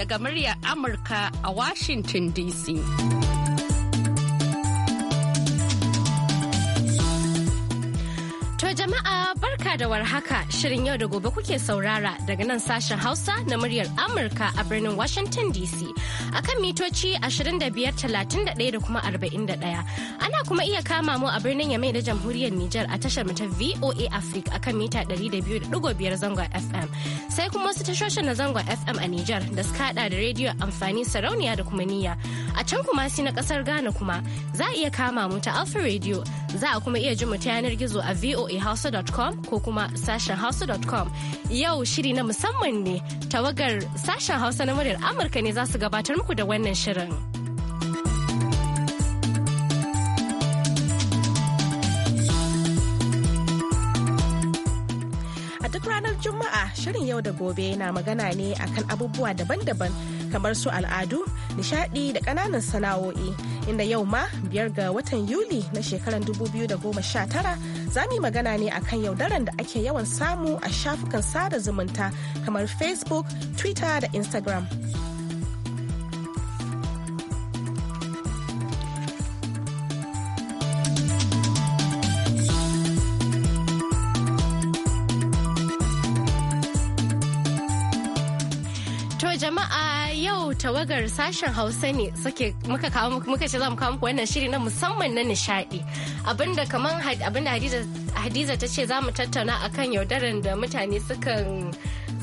Daga muryar Amurka a Washington DC. To jama'a barka da warhaka shirin yau da gobe kuke saurara daga nan sashen Hausa na muryar Amurka a birnin Washington DC. akan mitoci 2531 da kuma 41. Ana kuma iya kama mu a birnin Yamai da Jamhuriyar Nijar a tashar mu ta VOA Africa akan mita 200.5 zangon FM. Sai kuma wasu tashoshin na zangon FM a Nijar da suka hada da rediyo amfani sarauniya da kuma niyya. A can kuma si na kasar Ghana kuma za a iya kama mu ta Alpha Radio za a kuma iya ji mu ta yanar gizo a voahausa.com ko kuma sashen hausa.com. Yau shiri na musamman ne tawagar sashen Hausa na muryar Amurka ne za su gabatar muku da wannan shirin. duk ranar Juma'a shirin yau da gobe na magana ne akan abubuwa daban-daban kamar su al'adu, nishadi da kananan sana'o'i inda yau ma biyar ga watan Yuli na shekarar 2019 za mu yi magana ne akan yaudaran da ake yawan samu a shafukan sada zumunta kamar Facebook, Twitter da Instagram. tawagar sashen hausa ne suke muka kawo muka ce za mu kawo muku wannan shiri na musamman na nishadi abinda kamar abinda hadiza ta ce za mu tattauna akan yaudaran da mutane sukan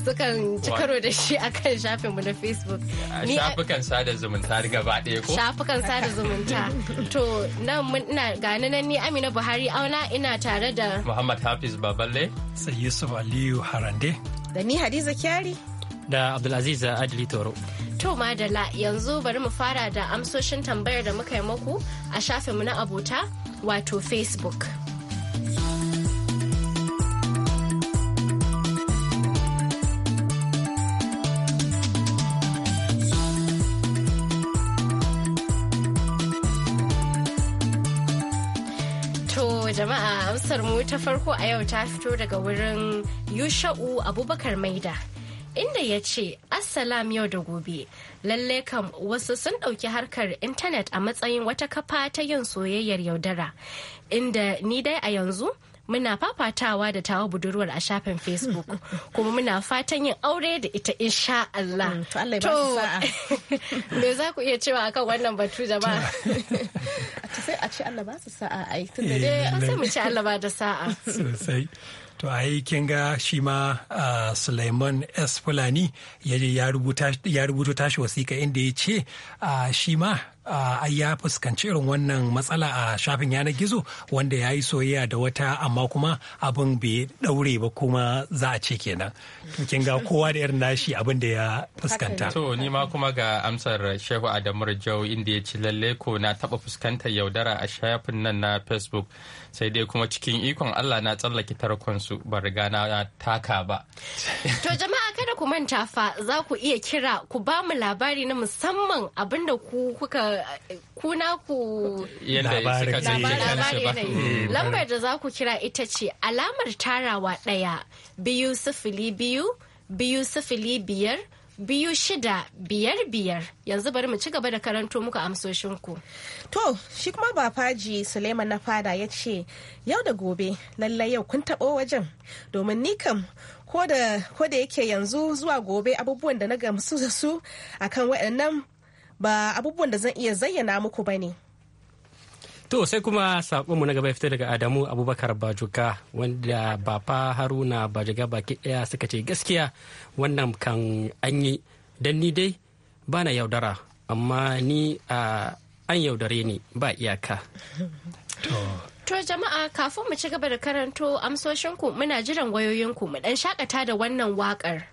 sukan ci karo da shi a kan shafinmu na facebook shafukan sada zumunta gaba ɗaya ko shafukan sada zumunta to nan mun ina gani nan ni amina buhari auna ina tare da muhammad hafiz baballe sai yusuf aliyu harande da ni hadiza kyari da abdulaziz adli toro To madala yanzu bari mu fara da amsoshin tambayar da muka yi muku a mu na abota wato Facebook. jama'a amsar mu ta farko a yau ta fito daga wurin yusha'u abubakar maida inda ya ce assalam yau da gobe lalle kam wasu sun ɗauki harkar intanet a matsayin wata kafa ta yin soyayyar yaudara inda ni dai a yanzu muna fafatawa da tawa budurwar a shafin facebook kuma muna fatan yin aure da ita insha Allah. Mm, to me za ku iya cewa akan wannan batu jama'a a ce Allah ba su sa'a ai tunda eh, dai an sai mu ci Allah ba da sa'a sosai to ai kin ga shi ma Sulaiman S Fulani ya rubuto tashi wasiƙa inda ya ce shi ma Ah, ai ya fuskanci irin wannan matsala a shafin yanar gizo wanda ya yi soyayya da wata amma kuma abin bai daure ba kuma za a ce kenan to kin ga kowa da irin nashi abin da ya fuskanta to ni ma kuma ga amsar Shehu Adamu Rajau inda ya ci lalle ko na taba fuskantar yaudara a shafin nan na Facebook sai dai kuma cikin ikon Allah na tsallake tarkon su ba riga na taka ba to jama'a kada ku manta fa za ku iya kira ku ba mu labari na musamman abinda ku kuka kuna ku eh, lambar da za ku kira ita ce alamar tarawa ɗaya biyu sifili biyu biyu sifili biyar biyu shida biyar biyar yanzu bari mu ci gaba da karanto muku amsoshinku. To, shi kuma bafaji Suleiman na fada ya ce, yau da gobe lallai yau kun taɓo wajen domin ni kam ko da yake yanzu zuwa gobe abubuwan da na gamsu da su akan waɗannan ba abubuwan da zan iya zayyana muku ba ne. To sai kuma saƙonmu na gaba ya fita daga Adamu Abubakar Bajuka wanda Bafa Haruna Bajaga baki ɗaya suka ce gaskiya wannan kan an yi don ni dai ba na yaudara amma ni an yaudare ni ba iyaka. To jama'a kafin mu ci gaba da karanto amsoshinku muna jiran wayoyinku mu ɗan shakata da wannan waƙar.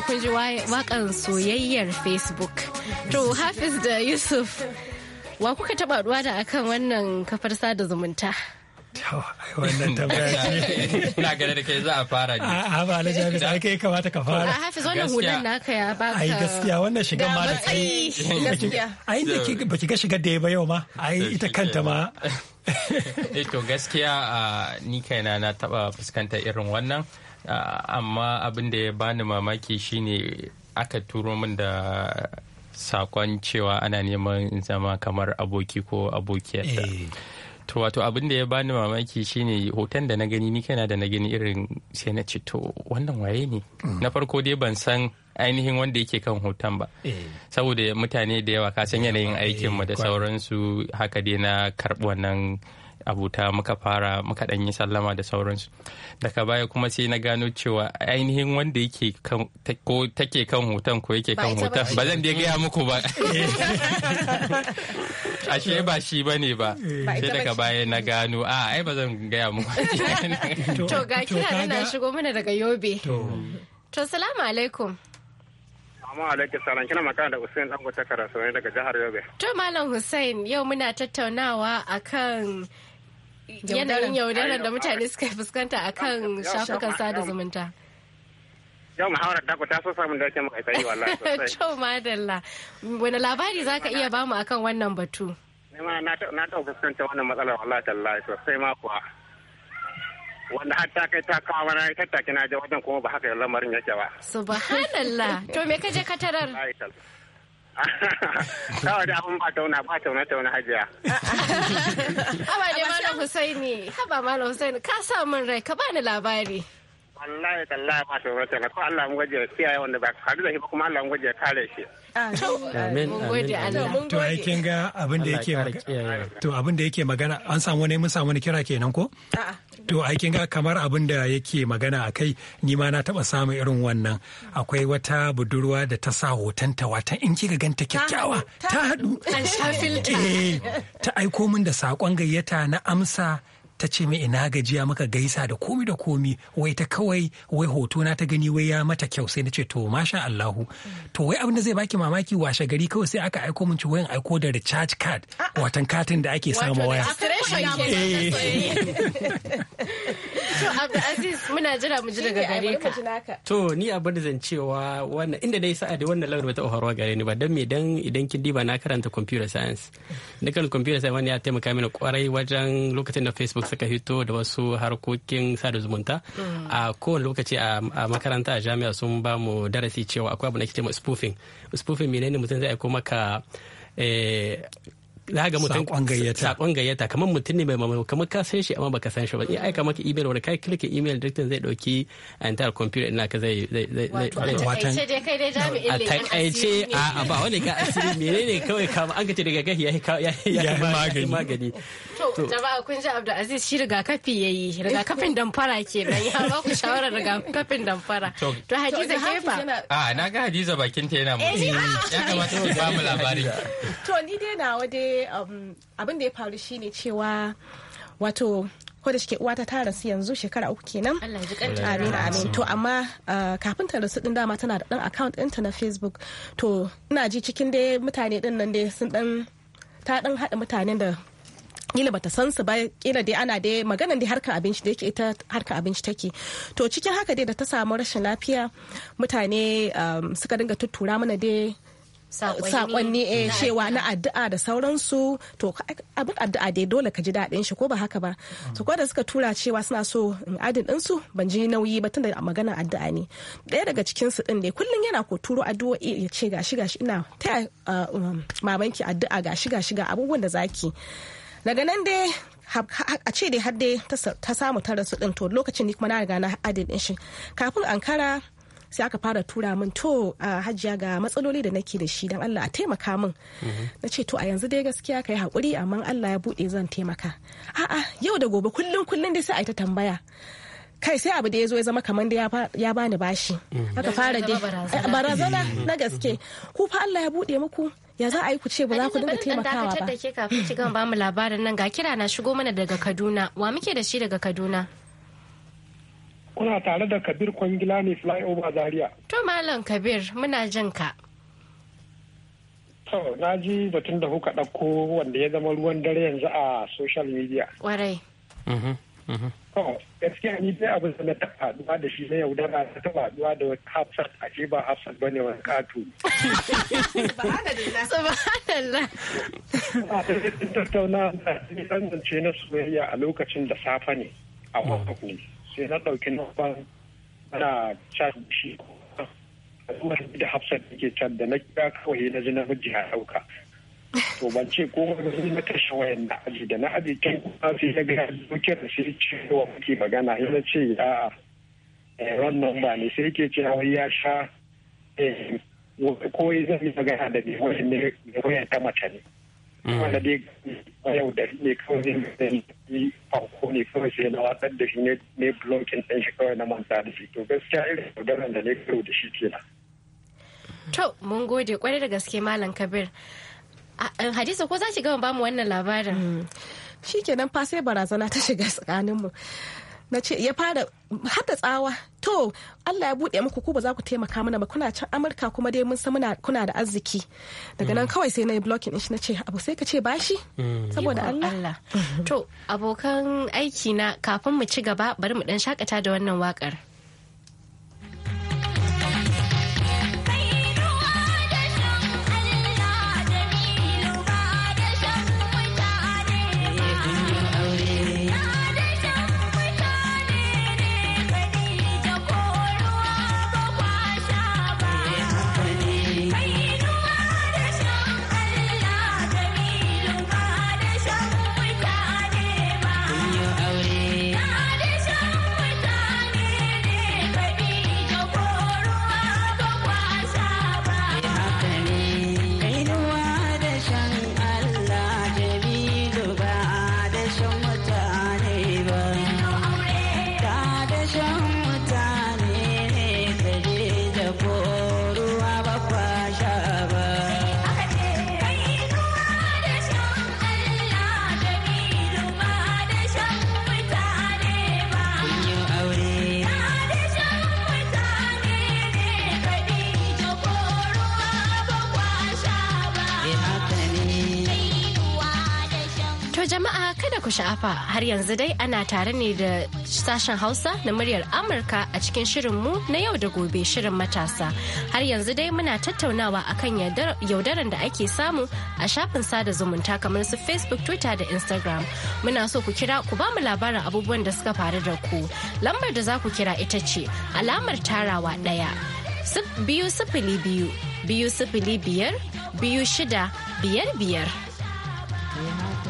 ji kun ji wakan soyayyar facebook to hafiz da yusuf wa kuka taba ruwa da akan wannan kafar sada zumunta wannan tambaya ina ganin da kai za a fara ne a ba alhaji hafiz ai kai kamata ka fara hafiz wannan hudan naka ya baka ai gaskiya wannan shigan ma da kai gaskiya ai da ki baki ga shigar da ya ba yau ma ai ita kanta ma eh to gaskiya ah, ni kaina na taba fuskantar irin wannan Ah, amma abin da ya bani mamaki shine aka turo min da sakon cewa ana neman in zama kamar aboki ko abokiyarta eh. to wato abin da ya bani mamaki shine hoton da na gani ni kana da na gani irin sai na ce to wannan waye ne mm. na farko dai ban san ainihin wanda yake kan hoton ba eh. saboda mutane da yawa ka san yanayin eh, aikinmu da sauransu haka dai na karɓi wannan abuta muka fara muka dan yi sallama da sauransu daga baya kuma sai na gano cewa ainihin wanda yake kan ko take kan hoton ko yake kan hoton ba zan dai gaya muku ba ashe ba shi ba ne ba eh. sai daga baya na gano a ai ba zan gaya muku to ga kina na shigo mana daga yobe to salamu alaikum Amma alaikum salam kina magana da Hussein Dangote Karasuwa daga jihar Yobe. To Malam Hussein yau muna tattaunawa akan yanayin yaudarar da mutane suka fuskanta a kan shafukan sada zumunta. Yau muhawarar taku ta so samun dace mu kai wallahi sosai. Cewa madalla. Wani labari za ka iya bamu akan wannan batu? Nema na taɓa fuskanta wannan matsalar wallahi tallahi sosai ma kuwa. wanda har ta kai ta kawo mana ta take na je wajen kuma ba haka lamarin yake ba. Subhanallah. To me ka je ka Kawai da abin ba tauna ba tauna tauna hajiya. Haba ne Malam Husaini, haba Malam Husaini, ka sa min rai, ka bani labari. wallahi tallahi ma ko Allah amin to ai ga abin yake magana an kira kenan ko ga kamar abin yake magana akai ni ma na taba samu irin wannan akwai wata budurwa da ta sa hotonta wata in kika ganta kyakkyawa ta haɗu eh, ta aiko min da sakon gayyata na amsa ta ce mai ina gajiya muka gaisa da komi da komi wai ta kawai wai hoto na ta gani wai ya mata kyau sai na ce to masha Allahu to wai abin da zai baki mamaki washe gari kawai sai aka aiko mun ci wayan aiko da recharge card watan katin da ake sama waya To muna jira mu ji daga gare ka. To ni abin da zan cewa wannan inda dai sa'a da wannan lauri ta oharwa gare ni ba dan me dan idan kin diba na karanta computer science. kan computer science wani ya taimaka mini kwarai wajen lokacin da Facebook suka hito da wasu harkokin sada zumunta. Mm. A kowane lokaci a makaranta a jami'a sun ba mu darasi cewa akwai abu da ke cewa spoofing. Spoofing menene mutum zai aiko maka eh, za ga mutum sakon gayyata gayyata kamar mutum ne mai mamaye kamar ka san shi amma baka san shi ba in aika maka email wanda kai click email director zai dauki entire computer ina ka zai zai zai watan a takaice a ba wani ka asiri menene kawai ka an ka ce daga gahi ya ya magani magani to jama'a kun ji abdu Aziz shi rigakafi yayi rigakafin damfara kenan ya ba ku shawarar rigakafin damfara to Hadiza kefa a na ga Hadiza bakin ta yana eh, mu ya kamata ki ba mu labari. to ni dai na dai Um, abin da ya faru shine cewa wato ko da shike uwata ta rasu yanzu shekara uku kenan amin amin to amma uh, kafin ta rasu din dama tana da dan account ɗinta na facebook to ina ji cikin dai mutane din nan dai sun dan ta dan haɗa mutanen da kila bata san su ba kila dai ana dai maganan dai harkar abinci da yake ita harkar abinci take to cikin haka dai da ta samu rashin lafiya mutane um, suka dinga tuttura mana dai sakonni eh cewa na addu'a da sauransu to abin addu'a dai dole ka ji daɗin shi ko ba haka ba mm. to ko da suka tura cewa suna so in adin din su ban ji nauyi ba tunda magana addu'a ne ɗaya daga cikin su din dai kullun yana ko turo addu'o'i ya ce gashi gashi ina ta um, mamanki addu'a gashi gashi ga abubuwan da zaki daga nan dai a ce dai har dai ta samu ta rasu din to lokacin ni kuma na riga na adin din shi kafin ankara sai aka fara tura min to a hajiya ga matsaloli da nake da shi dan Allah a taimaka min na ce to a yanzu dai gaskiya kai hakuri amma Allah ya bude zan taimaka a'a yau da gobe kullun kullun dai sai a ta tambaya kai sai abu da ya zo ya zama kamar da ya bani bashi mm-hmm. aka fara dai eh, barazana na gaske ku fa Allah ya buɗe muku ya za a yi ku ce ba za ku dinga taimakawa ba da ke kafin ci ba mu labarin nan ga kira na shigo mana daga Kaduna wa muke da shi daga Kaduna kuna tare da kabir kwangila ne flyover zaria to malam kabir muna jin ka to na ji batun da kuka ɗauko wanda ya zama ruwan dare yanzu a social media warai mhm, mhm. to gaskiya ni dai abin da na taɓa da shi na yaudara ba taɓa haɗuwa da wata hafsat a ce ba hafsat ba ne wani katu subhanallah tattauna da zance na soyayya a lokacin da safa ne a wata mm. kuma sai na ɗauki numban ana chat shi kuma da hafsat take chat da na kira kawai na ji namiji a ɗauka to ban ce ko ba zai na kashe wayan na aji da na aji kai kuma sai ya ga dukiyar da ce wa muke magana ya na ce ya eh, nan ba ne sai ke wai ya sha eh, ko zai magana da ne wayan ta mace ne wanda dai a yau da ne kawai zai zai yi farko ne kawai sai na watsar da shi ne ne ɗin shi kawai na manta da shi to gaskiya irin yaudaran da ne karo da shi kenan. to mun gode kwarai da gaske malam kabir eh, hadisa ko za ki gama bamu wannan labarin. Hmm. shi kenan fa sai barazana ta shiga tsakaninmu na ce ya fara hada tsawa to Allah ya buɗe muku ku ba za ku taimaka mana ba kuna can Amurka kuma dai mun san kuna da arziki daga nan mm. kawai sai na yi blocking din shi na ce abu sai ka ce bashi mm. saboda Allah to abokan aiki na kafin mu ci gaba bari mu dan shakata da wannan wakar To jama'a kada ku sha'afa har yanzu dai ana tare ne da sashen Hausa na muryar Amurka a cikin shirin mu na yau da gobe shirin matasa. Har yanzu dai muna tattaunawa akan yaudaran da ake samu a shafin sada zumunta kamar su Facebook, Twitter da Instagram. Muna so ku kira ku ba mu labarin abubuwan da suka faru da ku. Lambar da za ku kira ita ce alamar tarawa ɗaya. Biyu sifili biyu, biyu sifili biyar, biyu shida, biyar biyar. Eh,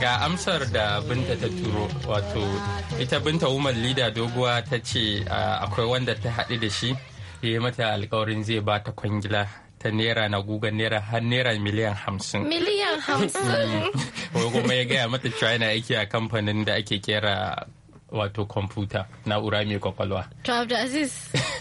ga amsar da binta ta turo wato ita binta umar lida doguwa ta ce akwai wanda ta haɗu da shi ya yi mata alkawarin zai ba ta kwangila ta naira na guga naira har naira miliyan hamsin. Miliyan hamsin? Wai kuma ya gaya mata China aiki a kamfanin da ake kera wato kwamfuta na'ura mai kwakwalwa. To Abdulaziz.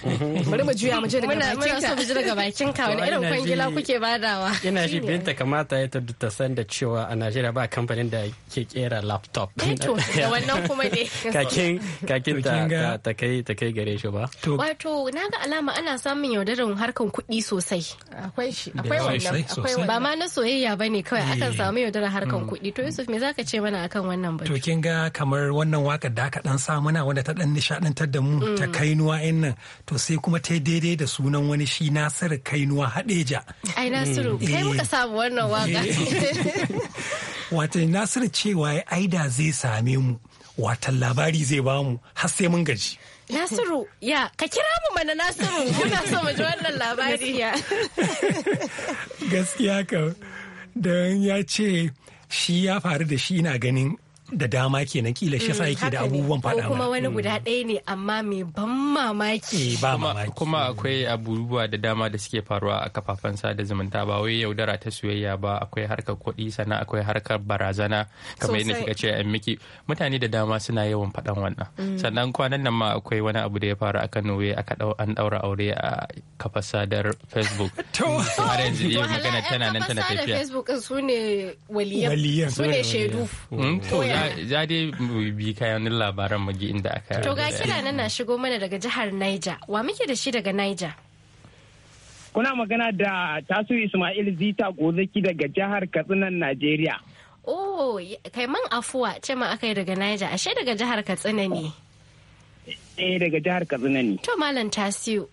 Bari mu juya mu je daga bakin Muna so mu ji daga bakin ka wani irin kwangila kuke badawa. Ina shi binta kamata ya ta san da cewa a Najeriya ba kamfanin da ke kera laptop. Eh, to da wannan kuma ne. Kakin kakin ta ta kai ta kai gare shi ba. Wato na ga alama ana samun yaudarin harkan kuɗi sosai. Akwai shi akwai wannan akwai ba ma na soyayya bane kawai akan eh. samu yaudarar harkan mm. kuɗi. To Yusuf me zaka ce mana akan wannan batu? To kin ga kamar wannan waka da aka dan sa mana wanda ta dan nishadantar da mu mm. ta kainuwa in nan to sai kuma ta daidai da sunan wani shi Nasiru Kainuwa Hadeja. Ai Nasiru mm. kai muka eh. samu wannan waka. Eh. Wato Nasiru cewa aida zai same mu watan labari zai ba mu har sai mun gaji. Nasiru, ya, ka kira mu mana Nasiru, kuna so mu ji wannan labari. Gaskiya ka, don ya ce shi ya faru da shi na ganin da dama kenan kila shi sa mm, yake da abubuwan faɗa kuma wani mm. guda ɗaya ne amma mai ban mamaki eh, ba mamaki kuma akwai abubuwa da dama da suke faruwa a kafafen sada zumunta ba wai yaudara ta soyayya ba akwai harkar kuɗi sannan akwai harkar barazana kamar yadda kika ce a miki mutane da dama suna yawan faɗan wannan mm. sannan kwanan nan ma akwai wani abu da ya faru akan Norway aka an ɗaura aure a kafar sadar Facebook to yanzu magana tana nan tana tafiya Facebook su ne waliyan su ne shaidu za dai bi kayan labaran magi inda aka to ga kira nan na shigo mana daga jihar Niger wa muke da shi daga Niger kuna magana da tasu Ismail Zita Gozaki daga jihar Katsina Najeriya oh kai man afuwa ce ma aka yi daga Niger ashe daga jihar Katsina ne eh daga jihar Katsina ne to malam tasu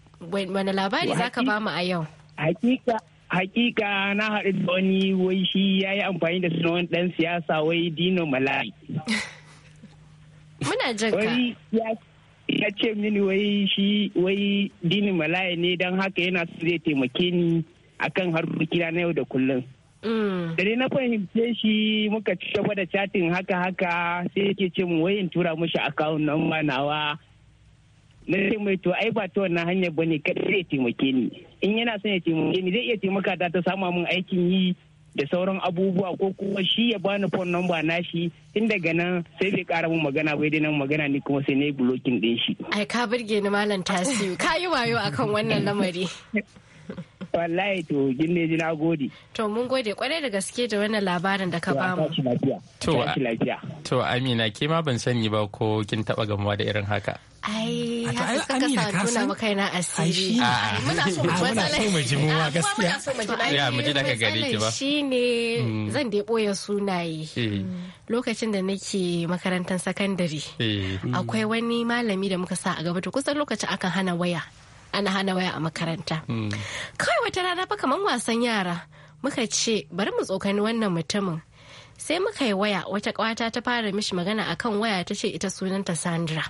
wani labari zaka ba mu a yau hakika hakika na haɗu da wani wai shi ya yi amfani da sunan ɗan siyasa wai dino malari muna jaka wai ya ce mini wai shi wai dini malaya ne don haka yana su zai taimake ni akan harkokin na yau da kullum mm. da ne na fahimce shi muka ci gaba da chatin haka haka sai yake ce mu wayin tura mushi akawun nan manawa. nawa na ce mai to ai ba ta wannan hanyar ba ne kada zai taimake ni in yana son ya taimake ni zai iya taimaka ta ta samu min aikin yi da sauran abubuwa ko kuma shi ya bani phone number na shi tun daga nan sai bai kara mun magana bai dai nan magana ni kuma sai na yi blocking din shi ai ka burge ni malam tasiu ka yi wayo akan wannan lamari wallahi to gille ji na gode to mun gode kwarai da gaske da wannan labarin da ka bamu to to amina ke ma ban sani ba ko kin taba gamuwa da irin haka ai haka suka sa tona maka na asiri muna so mu matsalai mu ji muwa gaskiya ya mu ji daga gare ki ba ne hmm. zan dai boye sunaye eh. lokacin da nake makarantar sakandare eh. akwai wani malami da muka sa a gaba to kusan lokacin akan hana waya ana hana waya a makaranta hmm. kawai wata rana fa kamar wasan yara muka ce bari mu tsokani wannan mutumin sai muka yi waya wata kwata ta fara mishi magana akan waya ta ce ita sunanta sandra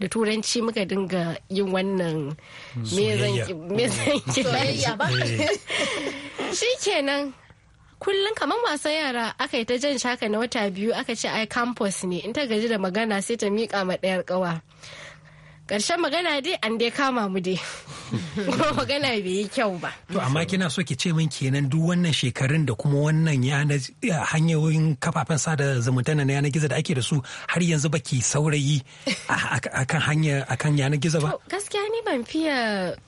da turanci muka dinga yin wannan me ba eh. shi ke nan kullum kamar wasan yara aka yi ta jan shaka na wata biyu aka ce ai campus ne in ta gaji da magana sai ta miƙa ma ɗayar ƙawa Ƙarshen magana dai an dai kama mu dai. ko magana bai yi kyau ba. To amma kina so ki ce min kenan duk wannan shekarun da kuma wannan hanyoyin kafafen sada zumunta na yanar gizo da ake da su har yanzu baki saurayi akan hanya akan yanar gizo ba. Gaskiya ban fiya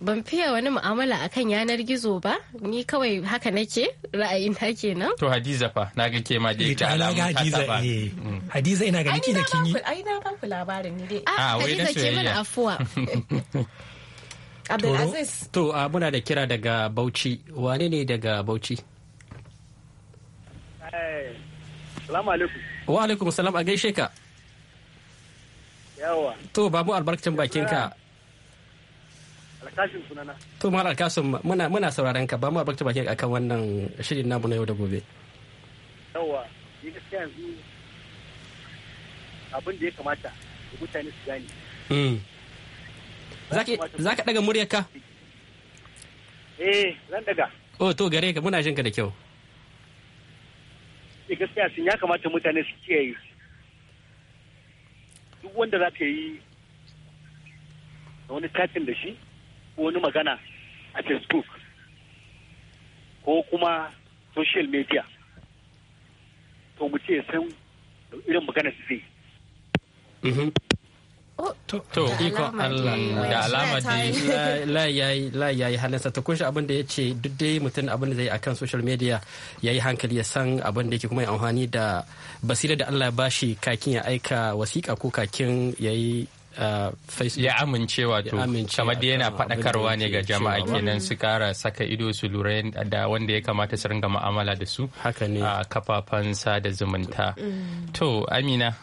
ban fiya wani mu'amala akan yanar gizo ba ni kawai haka nake ra'ayina kenan to hadiza fa na ga ke ma dai eh, ta alamu hadiza eh mm. hadiza ina ga niki da kin yi ai na ba ku labarin ni dai ah, ah, a hadiza ke mana afuwa Abdulaziz to ah, muna da kira daga Bauchi wane ne daga Bauchi Salamu alaikum. Wa alaikum salam a gaishe ka. Yawa. To babu albarkacin bakinka. kashin sunana. To Malam Kasum muna muna sauraron ka ba mu barkta baki akan wannan shirin namu na yau da gobe. Yawwa, ni gaskiya yanzu abin da ya kamata da mutane su gane. Hmm. Za ka daga muryar ka? Eh, zan daga. Oh, to gare ka muna jin ka da kyau. Eh, gaskiya sun ya kamata mutane su kiyaye. Duk wanda za ka yi wani katin da shi wani magana a facebook ko kuma social media to mu ce san irin magana su zai mm-hmm. oh, To, iko Allah da alama da ya yi halinsa ta kunshi abin da ya ce duk dai mutum abin da zai kan social media ya yi hankali ya san abin da yake kuma amfani da basira da Allah ya bashi kakin ya aika wasiƙa ko kakin ya yi ya amincewa to kamar da yana faɗakarwa ne ga jama'a kenan su kara saka ido su lura da wanda ya kamata su ringa mu'amala da su ne a kafafen sada zumunta mm. to amina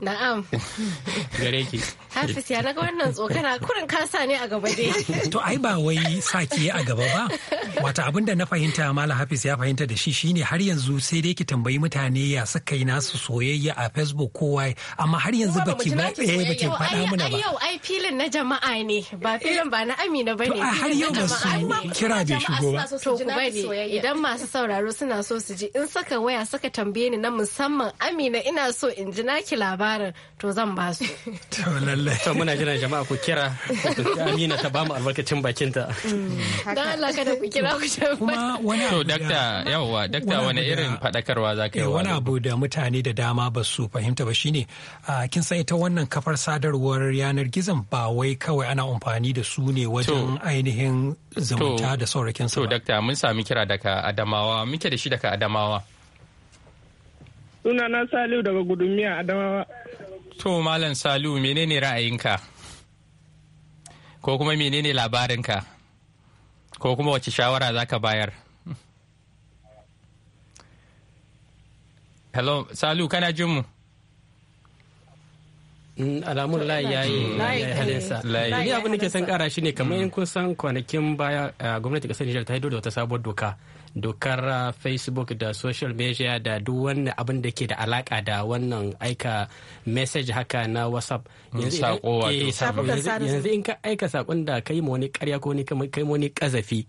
na'am gare ki Hafiz ya naga wannan tsokana kurin kasa ne a gaba dai. To ai ba wai sake a gaba ba. Wata abin da na fahimta Malam Hafiz ya fahimta da shi shine har yanzu sai dai ki tambayi mutane ya saka yi nasu soyayya a Facebook ko wai amma har yanzu baki ba eh baki faɗa mana ba. Yau ai filin na jama'a ne ba filin ba na Amina bane. To har yau ba su kira bai shigo ba. To ku bari idan masu sauraro suna so su ji in saka waya saka tambaye ni na musamman Amina ina so in ji naki labarin to zan ba su. Allah. to muna jiran jama'a ku kira Amina ta bamu albarkacin bakinta mm, dan Allah kada ku kira ku kuma wani to dakta yawa dakta wani irin fadakarwa za ka yi eh, wani abu da mutane da dama ba su fahimta ba shine kin sai ita wannan kafar sadarwar yanar gizon ba wai kawai ana amfani da su ne wajen ainihin zumunta da saurakin sa to dakta mun sami kira daga Adamawa muke da shi daga Adamawa Suna na Saliu daga Gudumiya Adamawa. To Malam Salu menene ra'ayinka? Ko kuma menene labarinka? Ko kuma wace shawara za ka bayar? Hello, Salu kana jin mu? Mm, alamun layi ya yi halinsa ni abin da ke san kara shi ne kamar yin kusan kwanakin baya gwamnati kasar nijar ta haido da wata sabuwar doka dokar uh, facebook da social media da duk wani abin da ke da alaka da wannan aika message haka na whatsapp mm, eh, yanzu in ka aika sakon da kai ma wani karya ko kai ma wani kazafi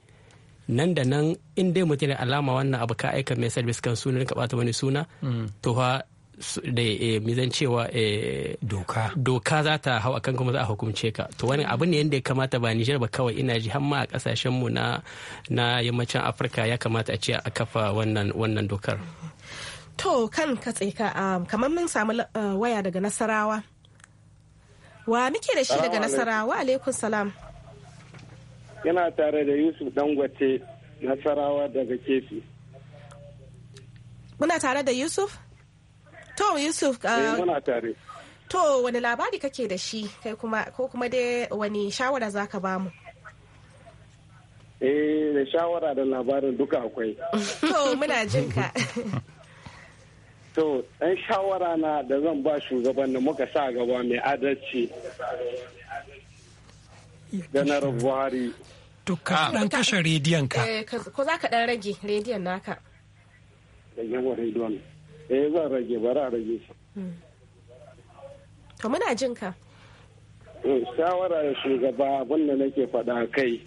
nan da nan in dai mutum da alama wannan abu ka aika message kan sunan ka bata wani suna mm. to Eh, mizan cewa eh, doka doka za ta hau akan kuma za a hukumce ka to wani abu ne yadda ya kamata ba Nijar ba kawai ina ji har ma a kasashen mu na na yammacin Afirka ya kamata a ce a kafa wannan wannan dokar to kan ka um, kamar mun samu uh, waya daga Nasarawa wa muke da shi daga Nasarawa alaikum salam yana tare da Yusuf Dangote Nasarawa daga Kefi muna tare da Yusuf To Yusuf. Uh, eh, to wani labari kake da shi kai kuma ko kuma dai wani shawara za ka bamu? Eh da shawara da labarin duka akwai. To muna jin ka. To ɗan shawara na da zan ba shugaban da muka sa gaba mai adalci. Ganar Buhari. To ka ɗan kashe rediyon eh, ka. Ko za ka ɗan rage rediyon naka. Da yawan rediyon. eh zan rage bari a rage shi hmm. to muna jin eh, shawara ya shugaba abin da nake faɗa kai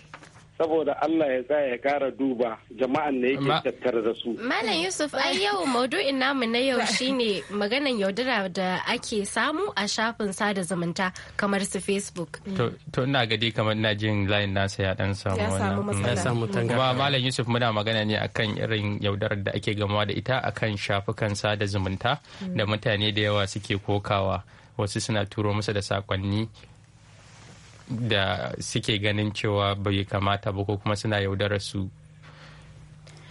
saboda Allah ya tsaya ya kara duba jama'an ne yake tattare da su. Malam Yusuf ai yau maudu'in namu na yau shine maganan yaudara da ake samu a shafin sada zumunta kamar su Facebook. To ina gadi kamar ina jin layin nasa ya dan samu wannan. Ya samu Kuma Malam Yusuf muna magana ne akan irin yaudarar da ake gamawa da ita akan shafukan sada zumunta da mutane da yawa suke kokawa. wasu suna turo masa da sakonni da suke ganin cewa bai kamata ba ko kuma suna yaudarar su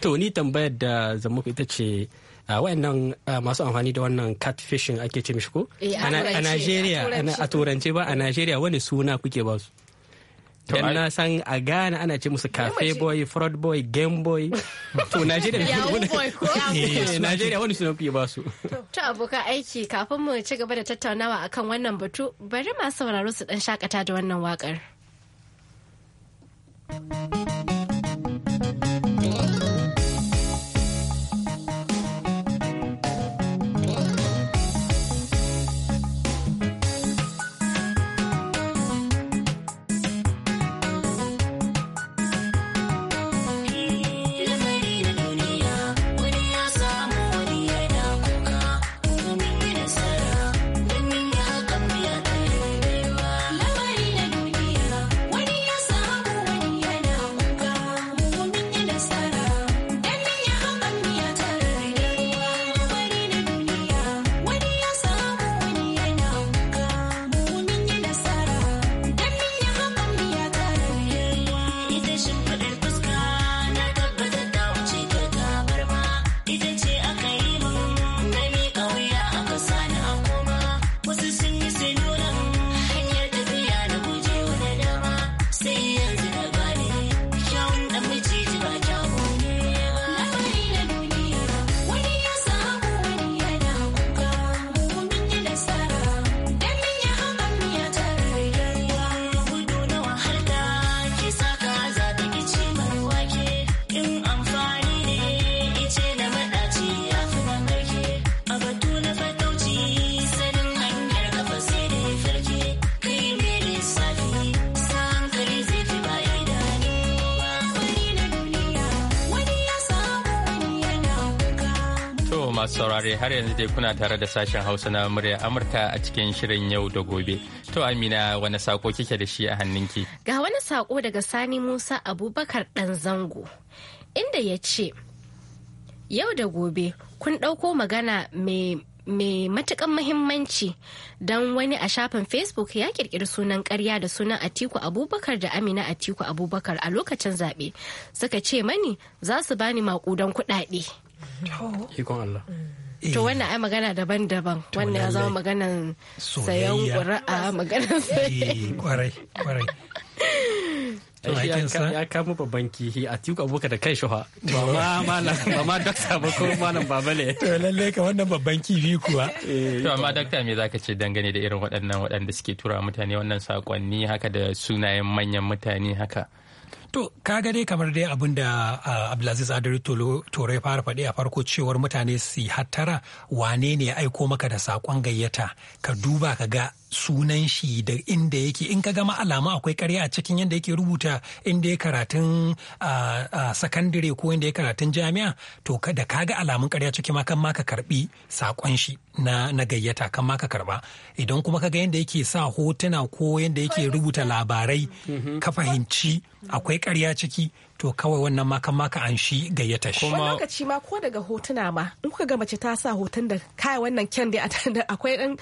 to ni tambayar da zamuku ita ce a wayannan masu amfani da wannan catfishing ake ce mishi ko eh, a nigeria a turance ba a Najeriya wani suna kuke ba su To na san a Ghana ana ce musu cafe boy, fraud boy, game boy. To Najeriya Najeriya eh, wani suna fiye ba To abokan aiki kafin mu ci gaba da tattaunawa akan wannan batu bari masu sauraro su dan shakata da wannan wakar. saurare har yanzu dai kuna tare da sashen Hausa na murya Amurka a cikin shirin yau da gobe. To Amina wani sako kike da shi a hannunki? Ga wani sako daga Sani Musa Abubakar ɗan zango inda ya ce yau da gobe kun ɗauko magana mai mai matukan mahimmanci don wani a shafin facebook ya kirkiri sunan karya da sunan atiku abubakar da amina atiku abubakar a lokacin zaɓe suka ce mani za su bani makudan kuɗaɗe to eh. wannan ai magana daban-daban wannan ya zama maganan sayan ƙura'a maganan eh, sayan kwarai kwarai ya kama babban kihi a tuka abuka da kai shuha ba ma ba ma dokta ba ko malam babale to lalle ka wannan babban kihi kuwa eh, to amma dokta me zaka ce dangane da irin waɗannan waɗanda suke tura mutane wannan sakonni haka da sunayen manyan mutane haka To, kaga dai kamar dai abin da Abdulaziz Adari tore fara faɗi a farko cewar mutane su hattara wane ne ya aiko maka da saƙon gayyata ka duba ka ga sunan shi da inda yake in ka gama alamu akwai karya a cikin yadda yake rubuta inda ya karatun sakandare ko inda ya karatun jami'a to da ga alamun karya ciki ma kan ma karbi sakon shi na gayyata kan ma karba idan kuma ka ga yadda yake sa hotuna ko yadda yake rubuta labarai ka fahimci akwai karya ciki to kawai wannan ma kan maka an shi gayyata shi. ka lokaci ma ko daga hotuna ma in kuka ga mace ta sa hoton da kai wannan kyan da akwai dan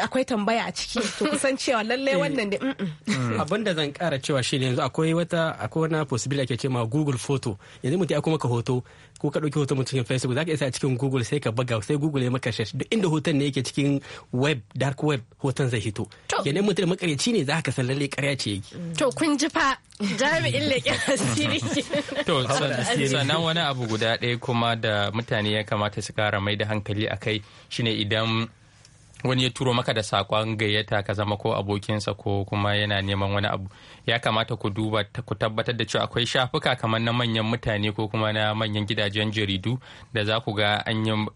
akwai tambaya a ciki to kusan cewa lallai eh. wannan da mm. abin da zan kara cewa shine yanzu akwai wata akwai wani possibility ake cewa Google photo yanzu mutum ya kuma ka hoto ko ka dauki hoton mutum cikin Facebook zaka isa a cikin Google sai ka buga sai Google ya maka search duk inda hoton ne yake cikin web dark web hoton zai hito yanzu mutum makareci ne zaka san lallai ƙarya ce yake mm. to kun ji fa jami'in leƙen asiri to sannan wani abu guda ɗaya kuma da mutane ya kamata su kara mai da hankali akai shine idan wani ya turo maka da sakon gayyata ka zama ko abokinsa ko kuma yana neman wani abu ya kamata ku duba ku tabbatar da cewa akwai shafuka kamar na manyan mutane ko kuma na manyan gidajen jaridu da za ku ga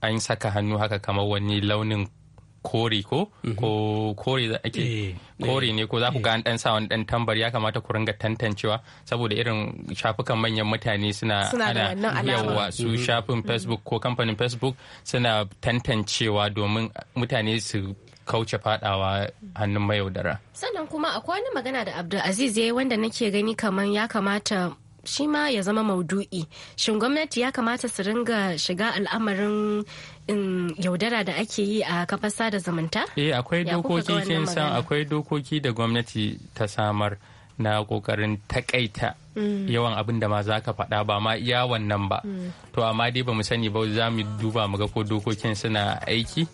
an saka hannu haka kamar wani launin kori ko mhm. ko kori da ake eh, kori ne ko za ku eh. ga an dan sa wani dan tambar ya kamata ku ringa tantancewa saboda irin shafukan manyan mutane suna ana yawa su mhm. shafin mhm. facebook ko kamfanin facebook suna tantancewa domin mutane su kauce fadawa hannun mayaudara. Sannan kuma akwai wani magana da Abdulaziz ya yi wanda nake gani kamar ya kamata shi ma ya zama maudu'i shin gwamnati ya kamata su ringa shiga al'amarin um, yaudara da ake yi a kafasa da zumunta eh akwai dokoki kin san akwai dokoki da gwamnati ta samar na kokarin takaita mm. yawan abin da ma za ka faɗa ba ma iya wannan ba mm. to amma dai ba mu sani ba za mu duba mu ga ko dokokin suna aiki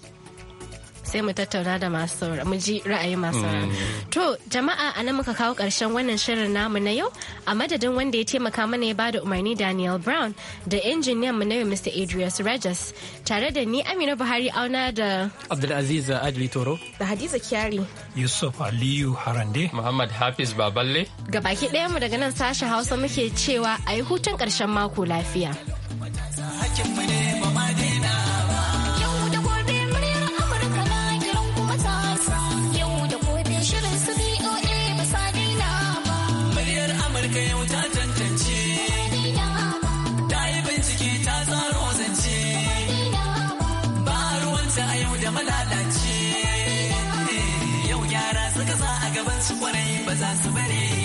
sai mu tattauna da masu mu ji ra'ayin masu sauraro mm. to jama'a a nan muka kawo ƙarshen wannan shirin namu na yau a madadin wanda ya taimaka mana ya bada umarni Daniel Brown da injiniyan mu na yau Mr. Adrius Regis tare da ni Amina Buhari auna da Abdulaziz Adli Toro da Hadiza Kyari Yusuf Aliyu Harande Muhammad Hafiz Baballe gabaki ɗayan mu daga nan sashen Hausa muke cewa a yi hutun ƙarshen mako lafiya. kwarai ba za su